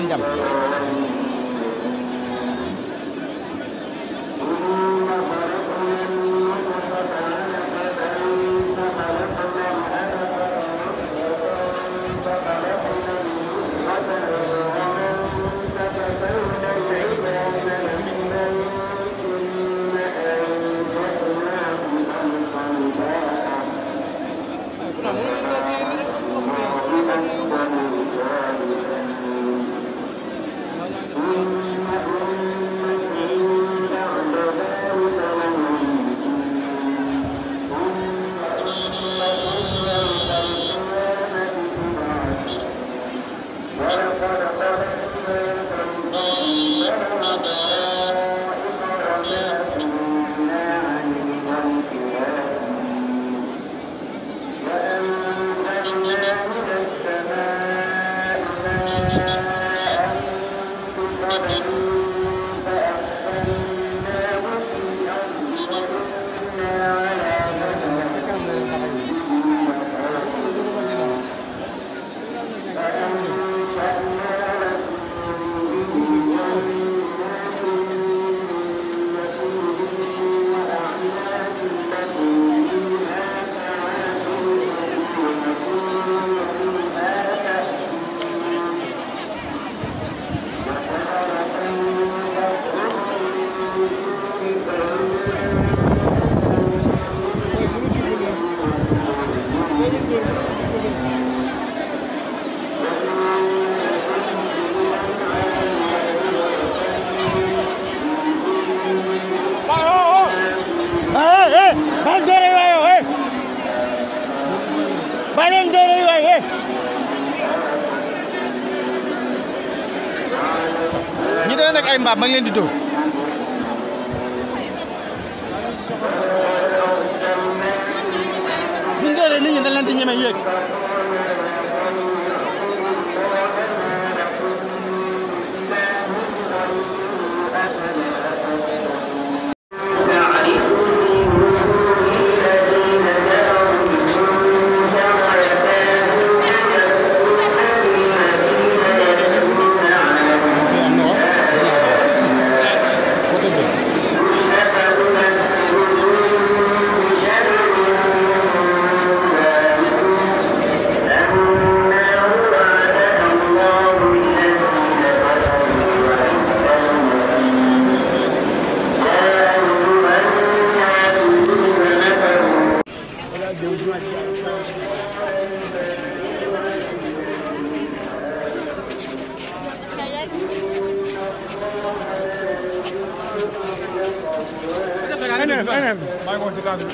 ñuy ndam Thank you. Alın dereyi var. He. ñi dee nag ay mbaam ma ngi leen di dóor. buñ dóoree nit ñi dañ leen beneen beneen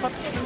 bi.